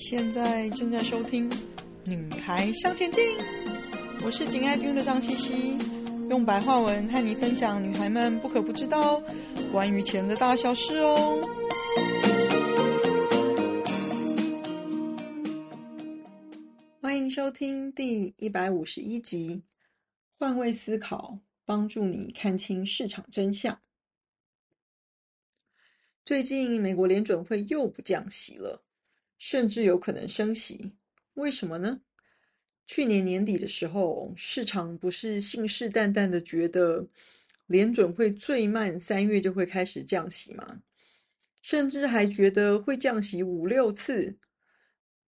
現在正在收聽《女孩向錢進》，我是錦愛聽的張茜茜，用白話文和你分享女孩們不可不知道關於錢的大小事哦。歡迎收聽第一百五十一集，《換位思考》幫助你看清市場真相。最近，美國聯準會又不降息了。甚至有可能升息，為什麼呢？去年年底的時候，市場不是信誓旦旦的覺得聯準會最慢三月就會開始降息嗎？甚至還覺得會降息五六次。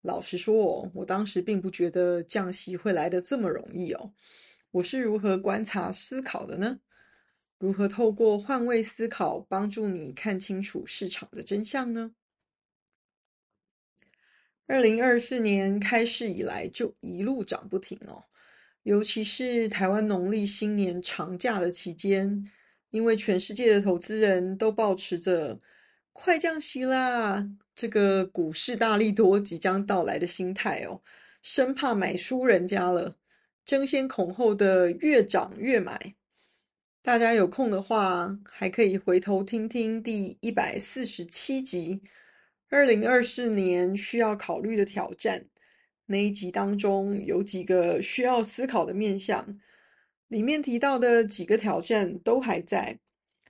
老實說，哦，我當時並不覺得降息會來得這麼容易哦。我是如何觀察思考的呢？如何透過換位思考幫助你看清楚市場的真相呢？二零二四年開市以來就一路漲不停哦，尤其是台灣農曆新年長假的期間，因為全世界的投資人都抱持着“快降息啦，這個股市大利多即將到來”的心態哦，生怕買輸人家了，爭先恐後的越漲越買。大家有空的話，還可以回頭聽聽第一百四十七集。二零二四年需要考慮的挑戰，那一集當中有幾個需要思考的面向，裡面提到的幾個挑戰都還在，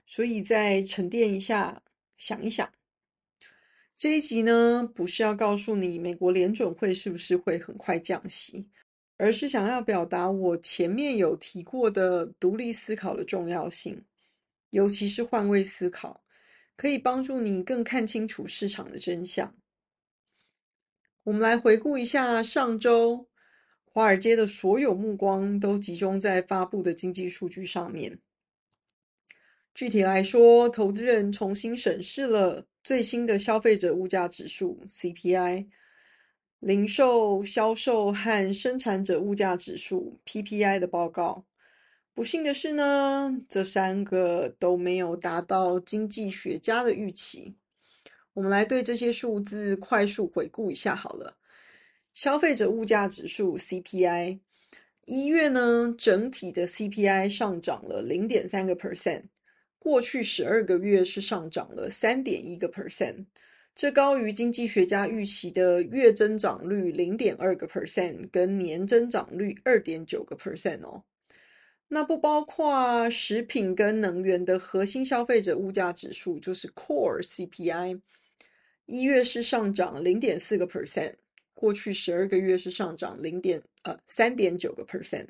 所以再沉澱一下，想一想。這一集呢，不是要告訴你美國聯準會是不是會很快降息，而是想要表達我前面有提過的獨立思考的重要性，尤其是換位思考，可以幫助你更看清楚市場的真相。我們來回顧一下上周，華爾街的所有目光都集中在發佈的經濟數據上面。具體來說，投資人重新審視了最新的消費者物價指數 （CPI）、零售銷售和生產者物價指數 （PPI） 的報告。不幸的是呢，這三個都沒有達到經濟學家的預期。我們來對這些數字快速回顧一下好了。消費者物價指數 （CPI） 一月呢，整體的 CPI 上漲了零點三個 percent，過去十二個月是上漲了三點一個 percent。這高於經濟學家預期的月增長率零點二個 percent，跟年增長率二點九個 percent 哦。那不包括食品跟能源的核心消費者物價指數，就是 Core CPI，一月是上漲零點四個 percent，過去十二個月是上漲零點呃三點九個 percent，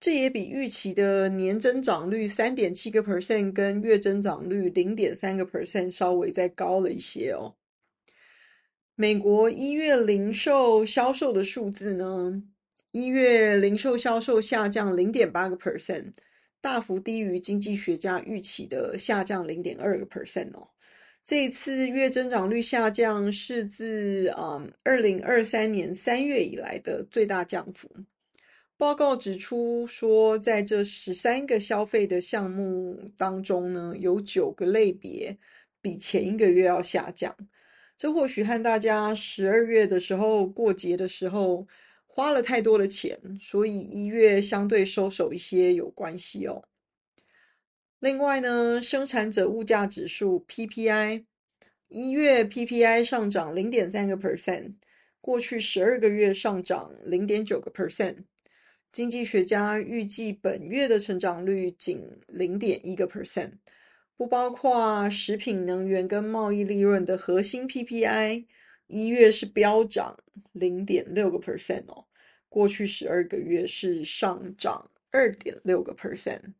這也比預期的年增長率三點七個 percent 跟月增長率零點三個 percent 稍微再高了一些哦。美國一月零售銷售的數字呢？一月零售銷售下降零點八個 percent，大幅低於經濟學家預期的下降零點二個 percent 哦。這一次月增長率下降是自啊二零二三年三月以來的最大降幅。報告指出說，在這十三個消費的項目當中呢，有九個類別比前一個月要下降。這或許和大家十二月的時候過節的時候，花了太多的錢，所以一月相對收手一些有關係哦。另外呢，生產者物價指數 （PPI） 一月 PPI 上漲零點三個 percent，過去十二個月上漲零點九個 percent。經濟學家預計本月的成長率僅零點一個 percent，不包括食品、能源跟貿易利潤的核心 PPI。一月是飆漲零點六個 percent 哦，過去十二個月是上漲二點六個 percent。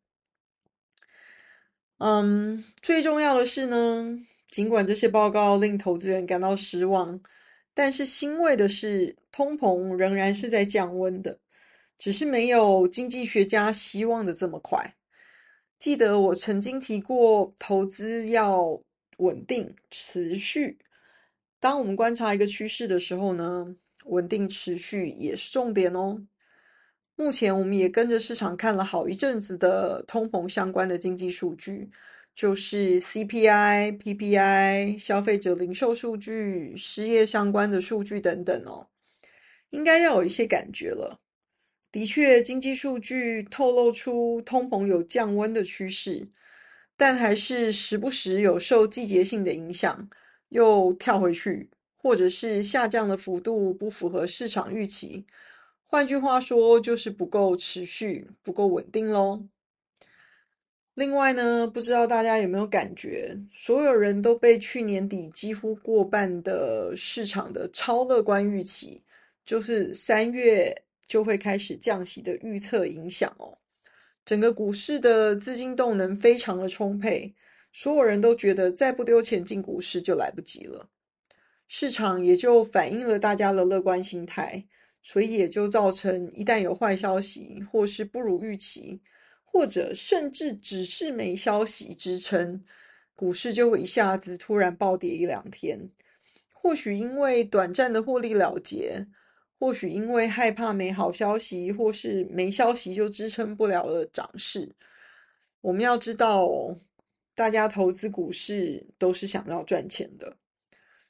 嗯，最重要的是呢，儘管這些報告令投資人感到失望，但是欣慰的是，通膨仍然是在降溫的，只是沒有經濟學家希望的這麼快。記得我曾經提過，投資要穩定、持續。當我們觀察一個趨勢的時候呢，穩定持續也是重點哦。目前我們也跟着市場看了好一陣子的通膨相關的經濟數據，就是 CPI、PPI、消費者零售數據、失業相關的數據等等哦，應該要有一些感覺了。的確，經濟數據透露出通膨有降溫的趨勢，但還是時不時有受季節性的影響。又跳回去，或者是下降的幅度不符合市場預期，換句話說，就是不夠持續、不夠穩定嘍。另外呢，不知道大家有沒有感覺，所有人都被去年底幾乎過半的市場的超樂觀預期，就是三月就會開始降息的預測影響哦。整個股市的資金動能非常的充沛。所有人都覺得再不丟錢進股市就來不及了，市場也就反映了大家的樂觀心態，所以也就造成一旦有壞消息，或是不如預期，或者甚至只是沒消息支撐，股市就會一下子突然暴跌一兩天。或許因為短暫的獲利了結，或許因為害怕沒好消息，或是沒消息就支撐不了了漲勢。我們要知道哦。大家投資股市都是想要賺錢的，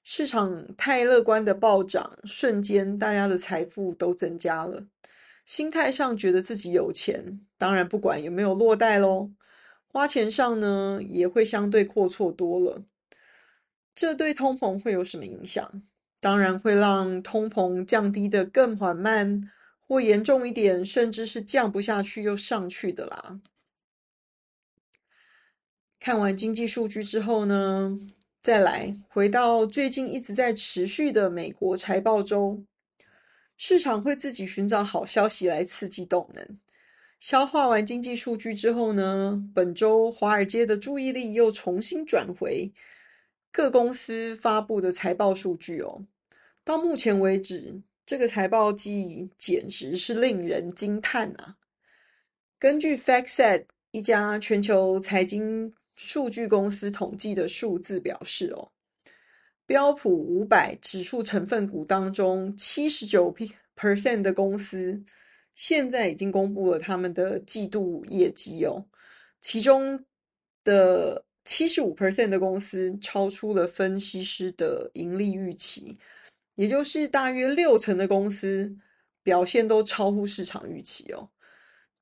市場太樂觀的暴漲，瞬間大家的財富都增加了，心態上覺得自己有錢，當然不管有沒有落袋咯，花錢上呢，也會相對闊綽多了，這對通膨會有什麼影響？當然會讓通膨降低得更緩慢，或嚴重一點，甚至是降不下去又上去的啦。看完經濟數據之後呢，再來回到最近一直在持續的美國財報周，市場會自己尋找好消息來刺激動能。消化完經濟數據之後呢，本周華爾街的注意力又重新轉回各公司發布的財報數據哦。到目前為止，這個財報季簡直是令人驚嘆啊！根據 FactSet 一家全球財經。數據公司統計的數字表示，哦，標普五百指數成分股當中七十九 percent 的公司現在已經公布了他們的季度業績哦，其中的七十五 percent 的公司超出了分析師的盈利預期，也就是大約六成的公司表現都超乎市場預期哦。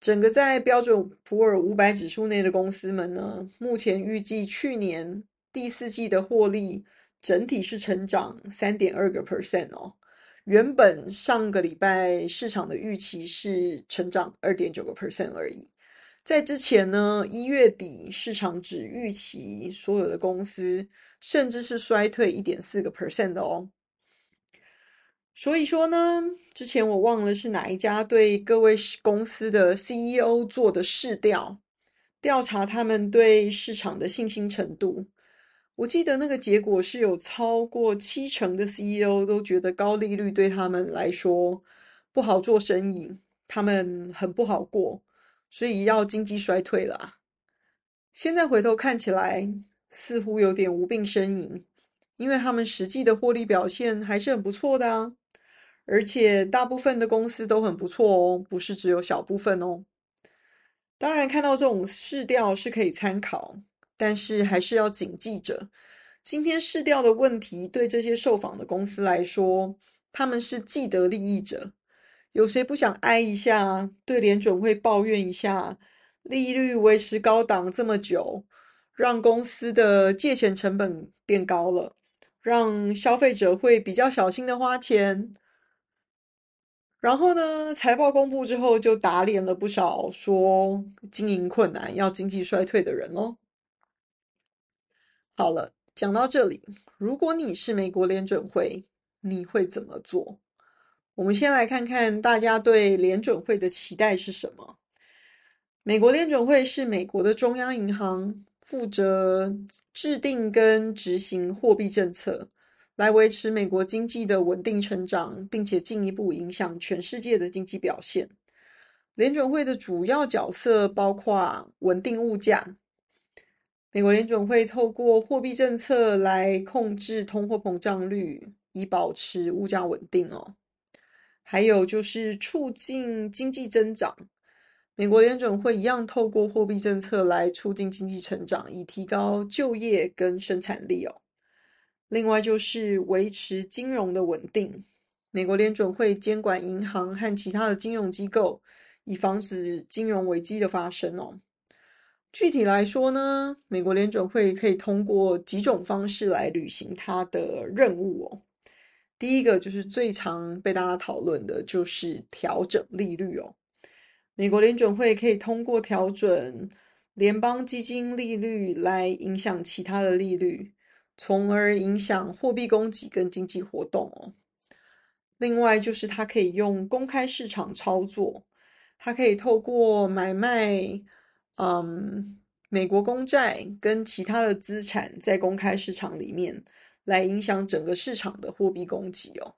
整個在標準普爾五百指數內的公司們呢，目前預計去年第四季的獲利整體是成長三點二個 percent 哦。原本上個禮拜市場的預期是成長二點九個 percent 而已，在之前呢，一月底市場只預期所有的公司甚至是衰退一點四個 percent 的哦。所以說呢，之前我忘了是哪一家對各位公司的 CEO 做的市調，調查他們對市場的信心程度。我記得那個結果是有超過七成的 CEO 都覺得高利率對他們來說不好做生意，他們很不好過，所以要經濟衰退啦。現在回頭看起來似乎有點無病呻吟，因為他們實際的獲利表現還是很不錯的啊。而且大部分的公司都很不錯哦，不是只有小部分哦。當然，看到這種市調是可以參考，但是還是要謹記着，今天市調的問題對這些受訪的公司來說，他們是既得利益者。有誰不想挨一下？對聯準會抱怨一下？利率維持高檔這麼久，讓公司的借錢成本變高了，讓消費者會比較小心的花錢。然後呢，財報公布之後，就打臉了不少說經營困難、要經濟衰退的人嘍，哦。好了，講到這裡，如果你是美國聯準會，你會怎麼做？我們先來看看大家對聯準會的期待是什麼。美國聯準會是美國的中央銀行，負責制定跟執行貨幣政策。來維持美國經濟的穩定成長，並且進一步影響全世界的經濟表現。聯準會的主要角色包括穩定物價。美國聯準會透過貨幣政策來控制通貨膨脹率，以保持物價穩定哦。還有就是促進經濟增長。美國聯準會一樣透過貨幣政策來促進經濟成長，以提高就業跟生產力哦。另外就是維持金融的穩定。美國聯準會監管銀行和其他的金融機構，以防止金融危機的發生哦。具體來說呢，美國聯準會可以通過幾種方式來履行它的任務哦。第一個就是最常被大家討論的就是調整利率哦。美國聯準會可以通過調整聯邦基金利率來影響其他的利率。從而影響貨幣供給跟經濟活動哦。另外，就是它可以用公開市場操作，它可以透過買賣，嗯，美國公債跟其他的資產在公開市場裡面來影響整個市場的貨幣供給哦。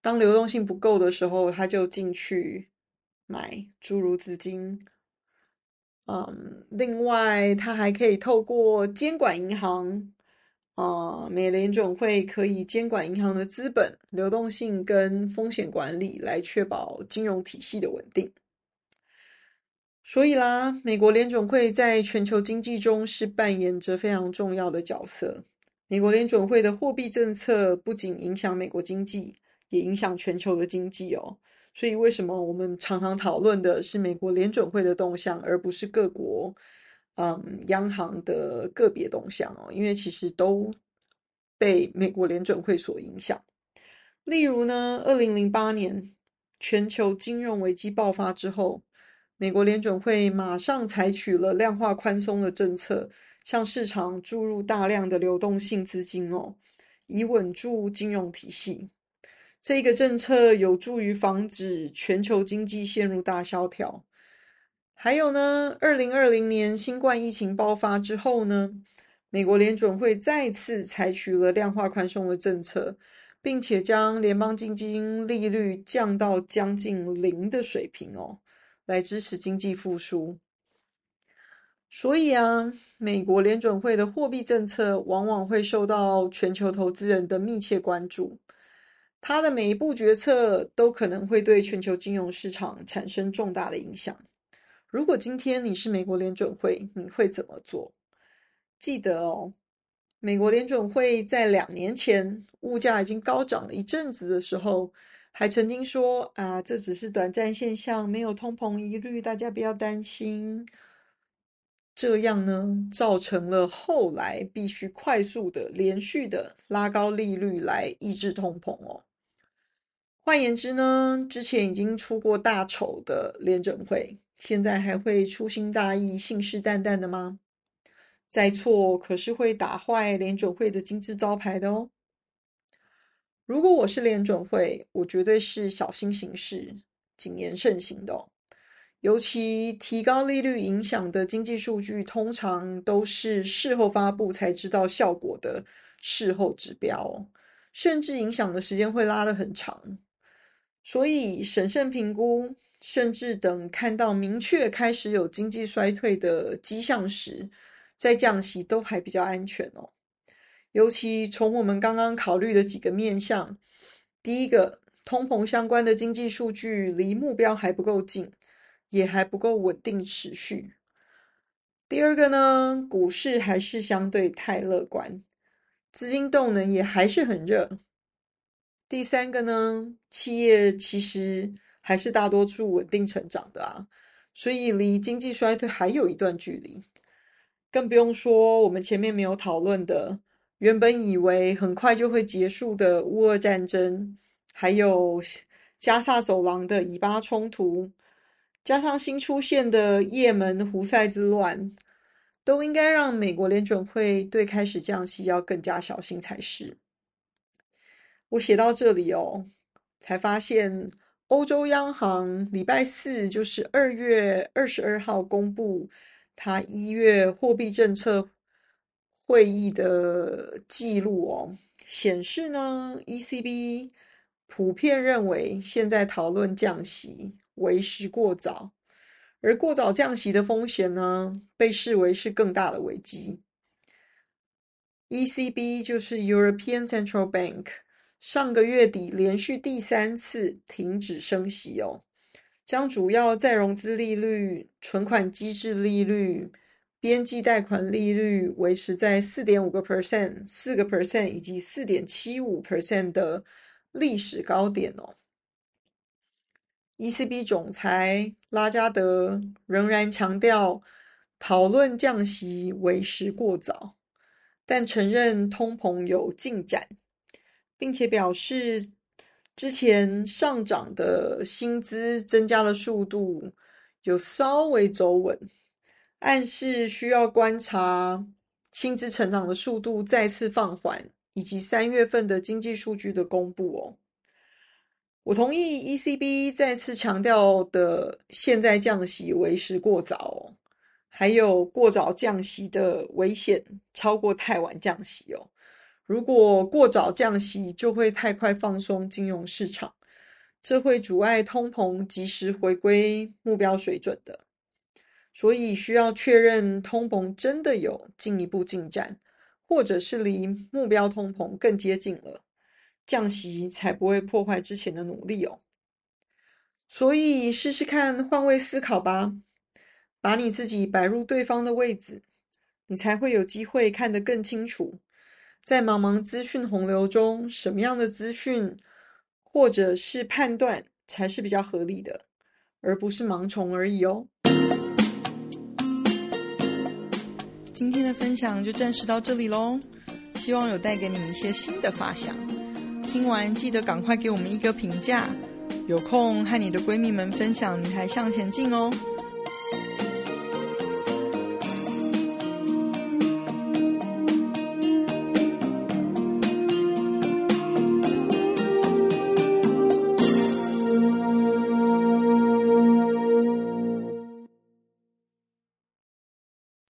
當流動性不夠的時候，它就進去買，注入資金，嗯，另外，它還可以透過監管銀行。啊、哦，美聯準會可以監管銀行的資本、流動性跟風險管理，來確保金融體系的穩定。所以啦，美國聯準會在全球經濟中是扮演着非常重要的角色。美國聯準會的貨幣政策不僅影響美國經濟，也影響全球的經濟哦。所以，為什麼我們常常討論的是美國聯準會的動向，而不是各國？嗯，央行的個別動向哦，因為其實都被美國聯準會所影響。例如呢，二零零八年全球金融危機爆發之後，美國聯準會馬上採取了量化寬鬆的政策，向市場注入大量的流動性資金哦，以穩住金融體系。這個政策有助於防止全球經濟陷入大蕭條。還有呢，二零二零年新冠疫情爆發之後呢，美國聯準會再次採取了量化寬鬆的政策，並且將聯邦基金利率降到將近零的水平哦，來支持經濟復甦。所以啊，美國聯準會的貨幣政策往往會受到全球投資人的密切關注，它的每一步決策都可能會對全球金融市場產生重大的影響。如果今天你是美國聯準會，你會怎麼做？記得哦，美國聯準會在兩年前物價已經高漲了一陣子的時候，還曾經說啊，這只是短暫現象，沒有通膨疑慮，大家不要擔心。這樣呢，造成了後來必須快速的、連續的拉高利率來抑制通膨哦。換言之呢，之前已經出過大醜的聯準會。現在還會粗心大意、信誓旦旦的嗎？再錯可是會打壞聯準會的金字招牌的哦。如果我是聯準會，我絕對是小心行事、謹言慎行的哦。尤其提高利率影響的經濟數據，通常都是事後發布才知道效果的事後指標哦，甚至影響的時間會拉得很長。所以審慎評估。甚至等看到明確開始有經濟衰退的跡象時，再降息都還比較安全哦。尤其從我們剛剛考慮的幾個面向，第一個，通膨相關的經濟數據離目標還不夠近，也還不夠穩定持續。第二個呢，股市還是相對太樂觀，資金動能也還是很熱。第三個呢，企業其實。還是大多數穩定成長的啊，所以離經濟衰退還有一段距離，更不用說我們前面沒有討論的，原本以為很快就會結束的烏俄戰爭，還有加薩走廊的以巴衝突，加上新出現的葉門胡塞之亂，都應該讓美國聯準會對開始降息要更加小心才是。我寫到這裡哦，才發現。歐洲央行禮拜四，就是二月二十二號公布他一月貨幣政策會議的記錄哦，顯示呢，ECB 普遍認為現在討論降息，為時過早，而過早降息的風險呢，被視為是更大的危機。ECB 就是 European Central Bank。上個月底連續第三次停止升息哦，將主要再融資利率、存款機制利率、邊際貸款利率維持在四點五個 percent、四個 percent 以及四點七五 percent 的歷史高點哦。ECB 總裁拉加德仍然強調，討論降息為時過早，但承認通膨有進展。並且表示，之前上漲的薪資增加的速度有稍微走穩，暗示需要觀察薪資成長的速度再次放緩，以及三月份的經濟數據的公布哦。我同意 ECB 再次強調的，現在降息為時過早哦，還有過早降息的危險超過太晚降息哦。如果過早降息，就會太快放鬆金融市場，這會阻礙通膨及時回歸目標水準的。所以需要確認通膨真的有進一步進展，或者是離目標通膨更接近了，降息才不會破壞之前的努力哦。所以試試看，換位思考吧，把你自己擺入對方的位置，你才會有機會看得更清楚。在茫茫資訊洪流中，什麼樣的資訊或者是判斷才是比較合理的，而不是盲從而已哦。今天的分享就暫時到這裡嘍，希望有帶給你一些新的發想。聽完記得趕快給我們一個評價，有空和你的閨蜜們分享《女孩向錢進》哦。